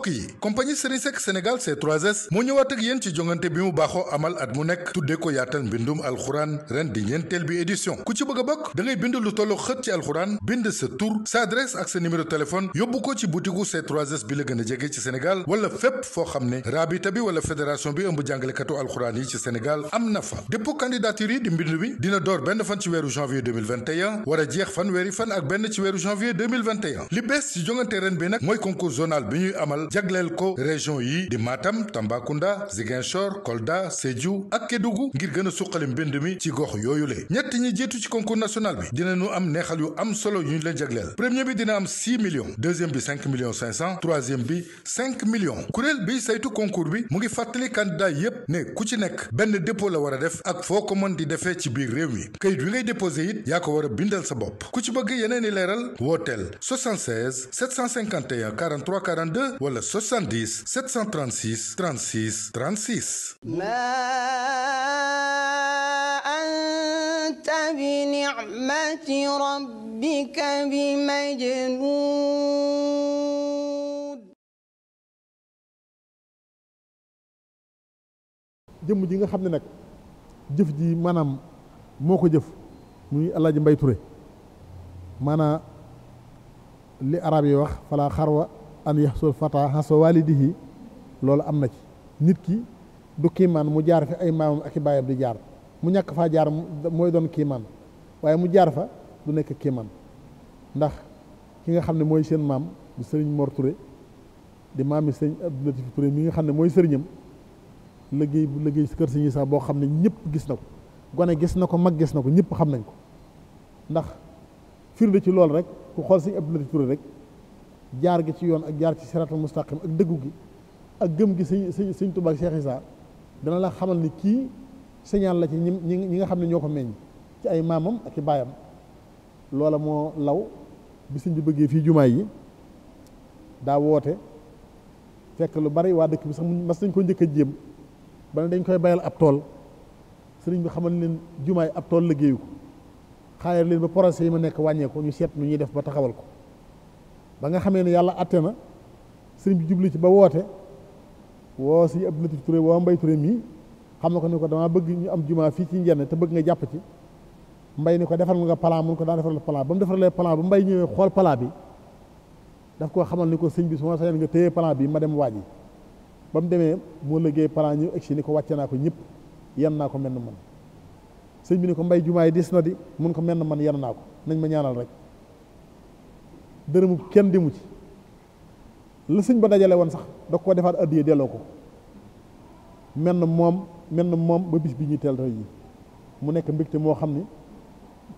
mbokk yi compagnie Sénégal c 3 moo ñëwaat ak yéen ci jongante bi mu baaxoo amal at mu nekk tuddee ko yaatal mbindum alxuraan ren di ñeenteel bi édition ku ci bëgg a bokk da ngay bind lu tollu xët ci alxuraan bind sa tur sa adresse ak sa numéro téléphone yóbbu ko ci butiku c 3 bi la gën a jege ci Sénégal wala fépp foo xam ne raabita bi wala fédération bi ëmb jàngalekatu alxuraan yi ci Sénégal am na fa dépôt candidature yi di a jagleel ko région yi di maatam Tambacounda Ziguinchor Kolda Sédhiou ak Kédougou ngir gën a suqali mbind mi ci gox yooyu le ñett ñi jeetu ci concours national bi dinañu am neexal yu am solo yu ñu leen jagleel premier bi dina am 6 millions deuxième bi 5 millions 500 troisième bi 5 millions kuréel bi saytu concours bi mu ngi fàttali candidat yépp ne ku ci nekk benn dépôt la war a def ak foo ko mën di defee ci biir réew mi kayit wi ngay déposé it yaa ko war a bindal sa bopp ku ci bëgg yeneen i leeral wooteel 76 751 43 42 wala wala 70 736 36 36. jëmm ji nga xam ne nag jëf ji maanaam moo ko jëf muy Alaaji Mbay Ture maanaam li arab yi wax fala xarwa an yaxsul fata xasa walidihi loolu am na ci nit ki du kiimaan mu jaar fi ay maamam ak i baayam di jaar mu ñàkk faa jaar mooy doon kiimaan waaye mu jaar fa du nekk kiimaan ndax ki nga xam ne mooy seen maam di sëriñ Mor Touré di maam yi sëriñ Abdou Latif Touré mi nga xam ne mooy sëriñam liggéey bu liggéey si kër sëriñ Issa boo xam ne ñëpp gis na ko gone gis na ko mag gis na ko ñëpp xam nañ ko ndax firnde ci loolu rek ku xool sëriñ Abdou Latif Touré rek jaar gi ci yoon ak jaar ci siratul mustaqim ak dëggu gi ak gëm gi sëñ sëñ sëñ Tuubaa Cheikh Isa dana la xamal ni kii signal la ci ñi ñi nga xam ne ñoo ko meññ ci ay maamam ak ci baayam loola moo law bi sëñ bi bëggee fii jumaa yi daa woote fekk lu bari waa dëkk bi sax mu mas nañ ko njëkk a jéem ba ne dañ koy bayal ab tool sëriñ bi xamal leen jumaa yi ab tool liggéeyu ko xaayal leen ba procès yi ma nekk wàññeeku ñu seet nu ñuy def ba taxawal ko ba nga xamee ne yàlla atte na sëriñ bi jubli ci ba woote woo si ab ture Touré woo Mbay Touré mii xam na ko ni ko damaa bëgg ñu am jumaa fii ci njenn te bëgg nga jàpp ci mbay ni ko defal nga plan mun ko daa defaral plan ba mu defaralee plan ba mbay ñëwee xool plan bi daf koo xamal ni ko sëñ bi su ma sañoon nga téye plan bi ma dem yi ba mu demee moo liggéey plan ñu egsi ni ko wàcce naa ko ñëpp yan naa ko menn man sëñ bi ni ko mbay jumaa yi na di mun ko menn man yan naa ko nañ ma ñaanal rek dërëmu kenn di mu ci la sëñ ba dajale woon sax da koo defaat addiyee delloo ko mel na moom mel na moom ba bis bi ñuy teel yi mu nekk mbégte moo xam ne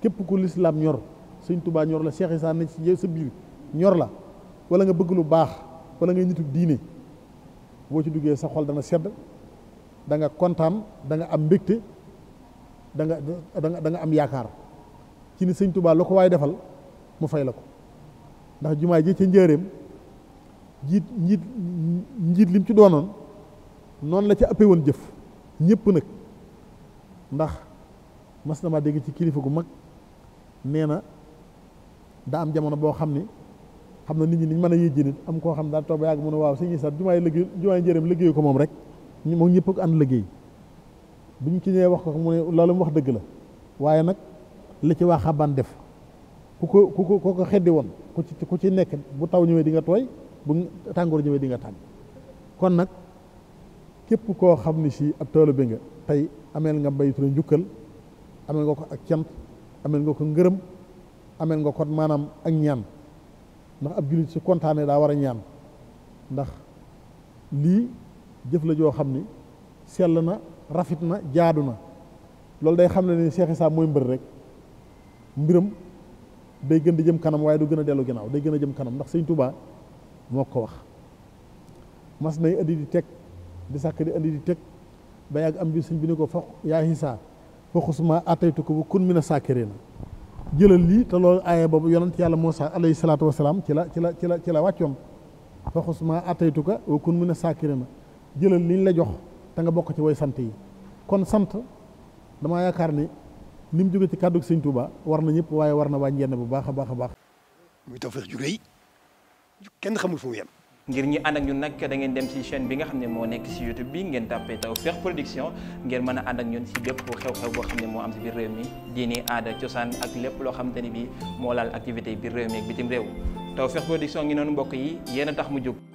képp ku lislaam ñor sëñ tubaa ñor la Cheikh Issa si ci sa biir ñor la wala nga bëgg lu baax wala ngay nitu diine boo ci duggee sa xol dana sedd da nga kontaan da nga am mbégte danga danga danga am yaakaar ci ni sëñ tubaa la ko waaye defal mu fay la ko ndax jumaa ji ca njëreem jiit njiit njiit lim ci doonoon noonu la ca ëppe woon jëf ñëpp nag ndax mas na maa dégg ci kilifa gu mag nee na daa am jamono boo xam ni xam na nit ñi niñ mën a yéjji nit am koo xam daa toog ba yàgg mu waaw waaw sëñ Issa jumaay liggéey jumaay njëriñ liggéeyu ko moom rek moom ñëpp ko ànd liggéey bu ñu ci ñëwee wax ko mu ne loolu mu wax dëgg la waaye nag li ci waa xabaan def ku ko ku ko ko xeddi woon ku ci ci ku ci nekk bu taw ñëwee di nga tooy bu tàngoor ñëwee di nga tàng kon nag képp koo xam ne si ab taalibe nga tay ameel nga Mbaye Touré njukkal ameel nga ko ak cant ameel nga ko ngërëm ameel nga kon maanaam ak ñaan ndax ab jullit si kontaane daa war a ñaan ndax lii jëf joo xam ni sell na rafet na jaadu na loolu day xam ne ni Cheikh mooy mbër rek mbiram day gën di jëm kanam waaye du gën a dellu ginnaaw day gën a jëm kanam ndax sëñ Tuubaa moo ko wax mas nay andi di teg di sàkk di andi di teg ba ak am bi sëñ bi ne ko fa yaa xisaa foxusuma ataytu ko bu kun mi na saakiree na jëlal lii te loolu aaya boobu yonent yàlla Muusaa alayhi salaatu wasalaam ci la ci la ci la ci la wàccoon foxusuma ataytu ko wa kun mi na saakiree na jëlal liñ la jox te nga bokk ci way sant yi kon sant damaa yaakaar ni ni mu jógee ci kàddu sëñ Touba war na ñëpp waaye war na waa ñenn bu baax a baax a baax. muy tawfeex ju rëy kenn xamul fu mu yem. ngir ñi ànd ak ñun nag da ngeen dem ci chaine bi nga xam ne moo nekk ci YouTube bii ngeen tàppee Tawfekh Production ngeen mën a ànd ak ñun ci bépp xew-xew boo xam ne moo am ci biir réew mi diini aada cosaan ak lépp loo xamante ni bi moo laal activité biir réew mi ak bitim réew Tawfekh Production ngi noonu mbokk yi yéen tax mu jóg.